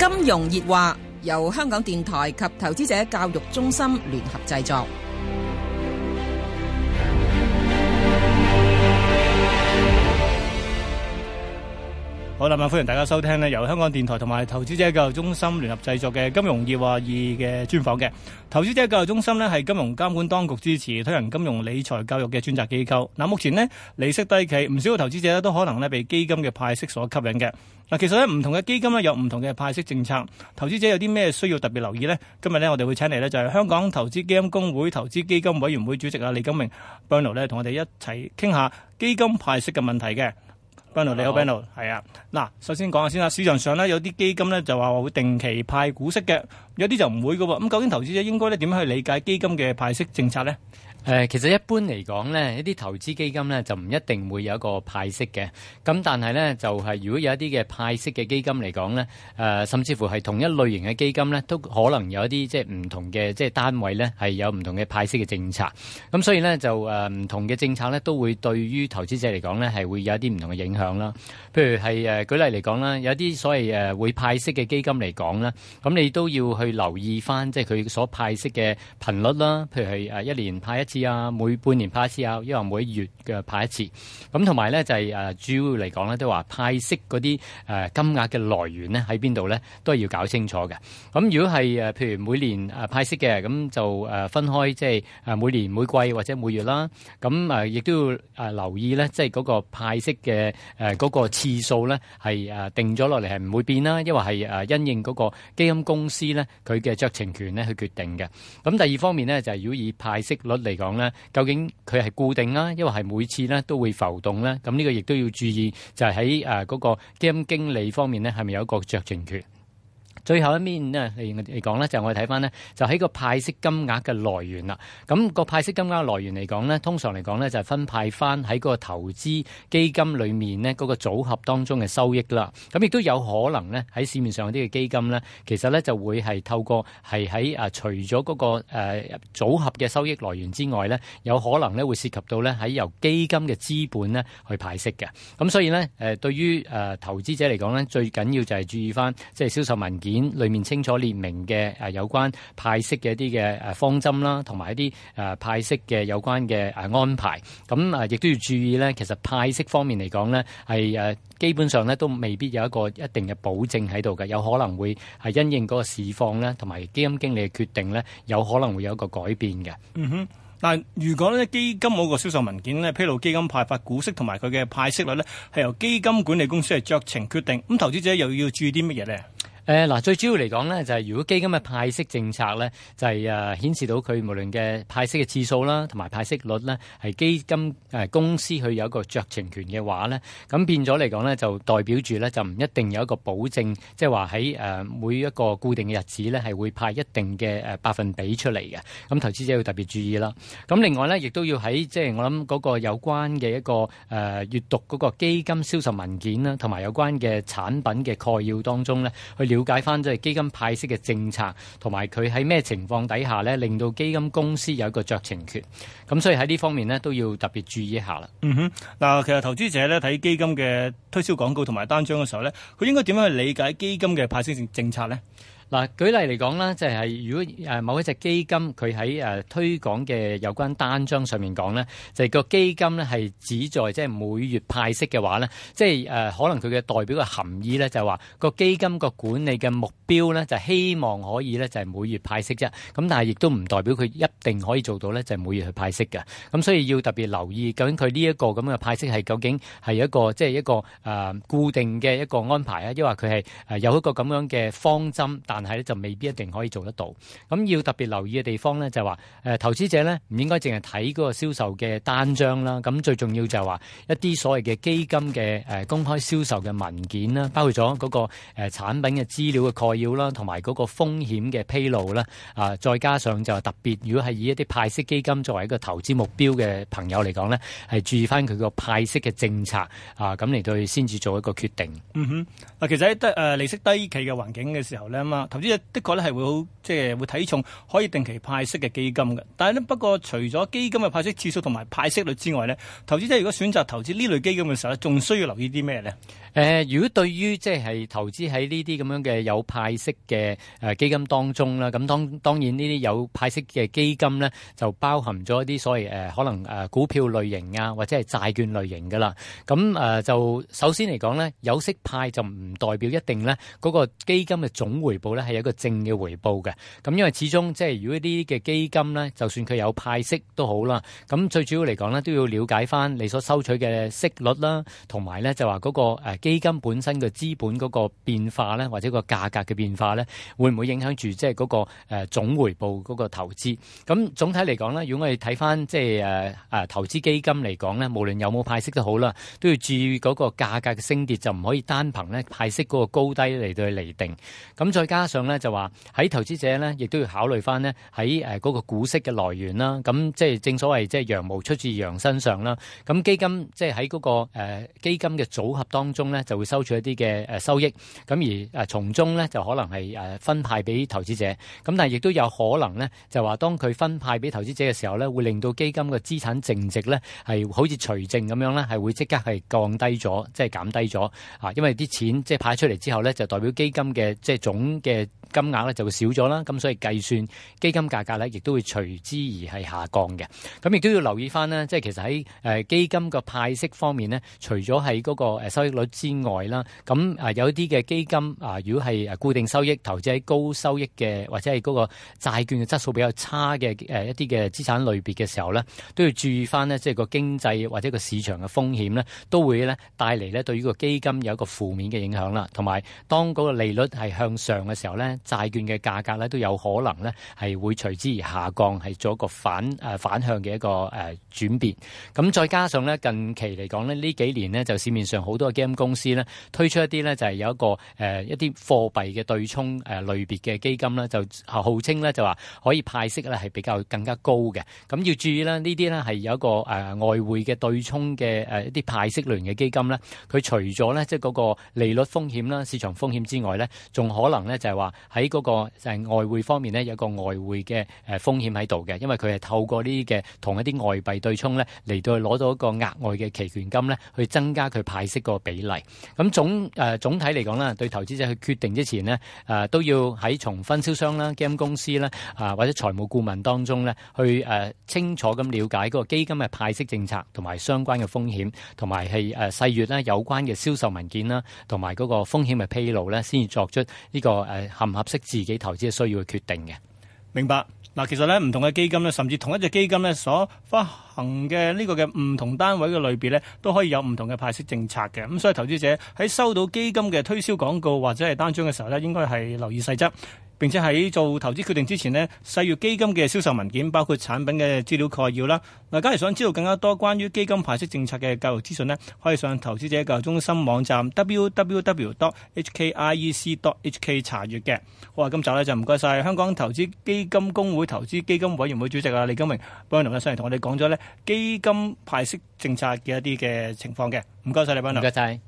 金融熱話由香港電台及投資者教育中心聯合製作。好啦，歡迎大家收聽咧，由香港電台同埋投資者教育中心聯合製作嘅《金融熱話》II 嘅專訪嘅。投資者教育中心咧係金融監管當局支持推行金融理財教育嘅專責機構。嗱，目前咧利息低企，唔少嘅投資者咧都可能咧被基金嘅派息所吸引嘅。嗱，其實咧唔同嘅基金咧有唔同嘅派息政策，投資者有啲咩需要特別留意咧？今日咧我哋會請嚟咧就係香港投資基金公會投資基金委員會主席啊李金明 Bernard 咧同我哋一齊傾下基金派息嘅問題嘅。Benno，你好，Benno，係啊。嗱，首先講下先啦，市場上咧有啲基金咧就話會定期派股息嘅，有啲就唔會噶喎，咁究竟投資者應該咧點樣去理解基金嘅派息政策咧？誒，其實一般嚟講呢，一啲投資基金呢就唔一定會有一個派息嘅。咁但係呢，就係如果有啲嘅派息嘅基金嚟講呢，誒甚至乎係同一類型嘅基金呢，都可能有一啲即係唔同嘅即係單位呢，係有唔同嘅派息嘅政策。咁所以呢，就誒唔同嘅政策呢，都會對於投資者嚟講呢，係會有一啲唔同嘅影響啦。譬如係誒舉例嚟講啦，有啲所謂誒會派息嘅基金嚟講啦，咁你都要去留意返即係佢所派息嘅頻率啦。譬如係誒一年派一次啊，每半年派一次啊，因為每月嘅派一次，咁同埋咧就係誒主要嚟講咧，都話派息嗰啲誒金額嘅來源咧喺邊度咧，都係要搞清楚嘅。咁如果係誒譬如每年誒派息嘅，咁就誒分開，即係誒每年每季或者每月啦，咁誒亦都要誒留意咧，即係嗰個派息嘅誒嗰個次數咧係誒定咗落嚟係唔會變啦，因為係誒因應嗰個基金公司咧佢嘅酌情權咧去決定嘅。咁第二方面咧就係如果以派息率嚟。講咧，究竟佢係固定啊，因為係每次咧都會浮動咧，咁、這、呢個亦都要注意，就係喺誒嗰個基金經理方面咧，係咪有一個酌情權？最後一面呢嚟講呢，就係我哋睇翻呢就喺個派息金額嘅來源啦。咁個派息金額嘅來源嚟講呢，通常嚟講呢就係分派翻喺嗰個投資基金裏面呢嗰個組合當中嘅收益啦。咁亦都有可能呢，喺市面上嗰啲嘅基金呢，其實呢就會係透過係喺啊除咗嗰個組合嘅收益來源之外呢，有可能呢會涉及到呢喺由基金嘅資本呢去派息嘅。咁所以呢，誒，對於誒投資者嚟講呢，最緊要就係注意翻即係銷售文件裏面清楚列明嘅，誒有關派息嘅一啲嘅誒方針啦，同埋一啲誒派息嘅有關嘅誒安排。咁啊，亦都要注意咧。其實派息方面嚟講咧，係誒基本上咧都未必有一個一定嘅保證喺度嘅，有可能會係因應嗰個市況咧，同埋基金經理嘅決定咧，有可能會有一個改變嘅。嗯哼，但係如果咧基金嗰個銷售文件咧披露基金派發股息同埋佢嘅派息率咧，係由基金管理公司係酌情決定。咁投資者又要注意啲乜嘢咧？誒嗱，最主要嚟講呢就係如果基金嘅派息政策呢，就係誒顯示到佢無論嘅派息嘅次數啦，同埋派息率呢，係基金誒公司去有一個酌情權嘅話呢咁變咗嚟講呢就代表住呢，就唔一定有一個保證，即係話喺誒每一個固定嘅日子呢，係會派一定嘅誒百分比出嚟嘅，咁投資者要特別注意啦。咁另外呢，亦都要喺即係我諗嗰個有關嘅一個誒閱讀嗰個基金銷售文件啦，同埋有關嘅產品嘅概要當中呢。去了了解翻即係基金派息嘅政策，同埋佢喺咩情況底下呢，令到基金公司有一個酌情權。咁所以喺呢方面呢，都要特別注意一下啦。嗯哼，嗱，其實投資者呢，睇基金嘅推銷廣告同埋單張嘅時候呢，佢應該點樣去理解基金嘅派息政政策呢？嗱，舉例嚟講呢就係如果誒某一隻基金佢喺誒推廣嘅有關單張上面講呢，就係個基金呢係旨在即係每月派息嘅話呢，即係誒可能佢嘅代表嘅含義呢，就係話個基金個管理嘅目標呢，就希望可以呢，就係每月派息啫。咁但係亦都唔代表佢一定可以做到呢，就係每月去派息嘅。咁所以要特別留意究竟佢呢一個咁嘅派息係究竟係一個即係一個誒固定嘅一個安排啊，抑或佢係誒有一個咁樣嘅方針，但但係咧就未必一定可以做得到，咁要特別留意嘅地方咧就係話，誒投資者咧唔應該淨係睇嗰個銷售嘅單張啦，咁最重要就係話一啲所謂嘅基金嘅誒公開銷售嘅文件啦，包括咗嗰個誒產品嘅資料嘅概要啦，同埋嗰個風險嘅披露啦，啊再加上就係特別如果係以一啲派息基金作為一個投資目標嘅朋友嚟講咧，係注意翻佢個派息嘅政策啊，咁嚟到先至做一個決定。嗯哼，嗱其實喺低誒利息低企嘅環境嘅時候咧，嘛。投資者的確咧係會好，即、就、係、是、會睇重可以定期派息嘅基金嘅。但係咧不過除咗基金嘅派息次數同埋派息率之外呢，投資者如果選擇投資呢類基金嘅時候咧，仲需要留意啲咩呢？誒、呃，如果對於即係投資喺呢啲咁樣嘅有派息嘅誒基金當中啦，咁當當然呢啲有派息嘅基金呢，就包含咗一啲所謂誒、呃、可能誒股票類型啊，或者係債券類型嘅啦。咁誒、呃、就首先嚟講呢，有息派就唔代表一定呢嗰、那個基金嘅總回報咧，係有一個正嘅回報嘅，咁因為始終即係如果一啲嘅基金咧，就算佢有派息都好啦，咁最主要嚟講咧，都要了解翻你所收取嘅息率啦，同埋咧就話嗰個誒基金本身嘅資本嗰個變化咧，或者個價格嘅變化咧，會唔會影響住即係嗰個誒總回報嗰個投資？咁總體嚟講咧，如果我哋睇翻即係誒誒投資基金嚟講咧，無論有冇派息都好啦，都要注意嗰個價格嘅升跌，就唔可以單憑咧派息嗰個高低嚟到厘定。咁再加。加上咧就話喺投資者咧，亦都要考慮翻咧喺誒嗰個股息嘅來源啦。咁即係正所謂即係羊毛出自羊身上啦。咁基金即係喺嗰個誒、呃、基金嘅組合當中咧，就會收取一啲嘅誒收益。咁而誒從中咧就可能係誒分派俾投資者。咁但係亦都有可能咧，就話當佢分派俾投資者嘅時候咧，會令到基金嘅資產淨值咧係好似除淨咁樣咧，係會即刻係降低咗，即係減低咗啊！因為啲錢即係派出嚟之後咧，就代表基金嘅即係總嘅。嘅金額咧就會少咗啦，咁所以計算基金價格咧，亦都會隨之而係下降嘅。咁亦都要留意翻咧，即係其實喺誒基金嘅派息方面咧，除咗係嗰個誒收益率之外啦，咁啊有啲嘅基金啊，如果係誒固定收益，投資喺高收益嘅或者係嗰個債券嘅質素比較差嘅誒一啲嘅資產類別嘅時候咧，都要注意翻咧，即係個經濟或者個市場嘅風險咧，都會咧帶嚟咧對呢個基金有一個負面嘅影響啦。同埋當嗰個利率係向上嘅。時候呢，債券嘅價格呢都有可能呢係會隨之而下降，係做一個反誒反向嘅一個誒轉變。咁再加上呢，近期嚟講呢，呢幾年呢，就市面上好多嘅基金公司呢，推出一啲呢，就係有一個誒一啲貨幣嘅對沖誒類別嘅基金呢，就號稱呢，就話可以派息呢係比較更加高嘅。咁要注意啦，呢啲呢係有一個誒外匯嘅對沖嘅誒一啲派息類嘅基金呢，佢除咗呢，即係嗰個利率風險啦、市場風險之外呢，仲可能呢就就係話喺嗰個誒外匯方面呢，有一個外匯嘅誒風險喺度嘅，因為佢係透過呢啲嘅同一啲外幣對沖呢嚟到攞到一個額外嘅期權金呢去增加佢派息個比例。咁總誒、呃、總體嚟講呢，對投資者去決定之前呢誒、呃、都要喺從分銷商啦、基金公司啦啊、呃、或者財務顧問當中呢去誒、呃、清楚咁了解嗰個基金嘅派息政策同埋相關嘅風險，同埋係誒細閱啦，有關嘅銷售文件啦，同埋嗰個風險嘅披露呢，先至作出呢、這個誒。呃合唔合適自己投資嘅需要去決定嘅，明白？嗱，其實咧，唔同嘅基金咧，甚至同一隻基金咧，所發行嘅呢個嘅唔同單位嘅類別咧，都可以有唔同嘅派息政策嘅，咁所以投資者喺收到基金嘅推銷廣告或者係單張嘅時候咧，應該係留意細則。並且喺做投資決定之前呢，細閱基金嘅銷售文件，包括產品嘅資料概要啦。嗱，假如想知道更加多關於基金派息政策嘅教育資訊呢，可以上投資者教育中心網站 www.hkiec.hk 查閱嘅。好啊，今集呢就唔該晒香港投資基金公會投資基金委員會主席啊，李金榮，幫我哋上嚟同我哋講咗基金派息政策嘅一啲嘅情況嘅。唔該晒，你，班 n 唔該曬。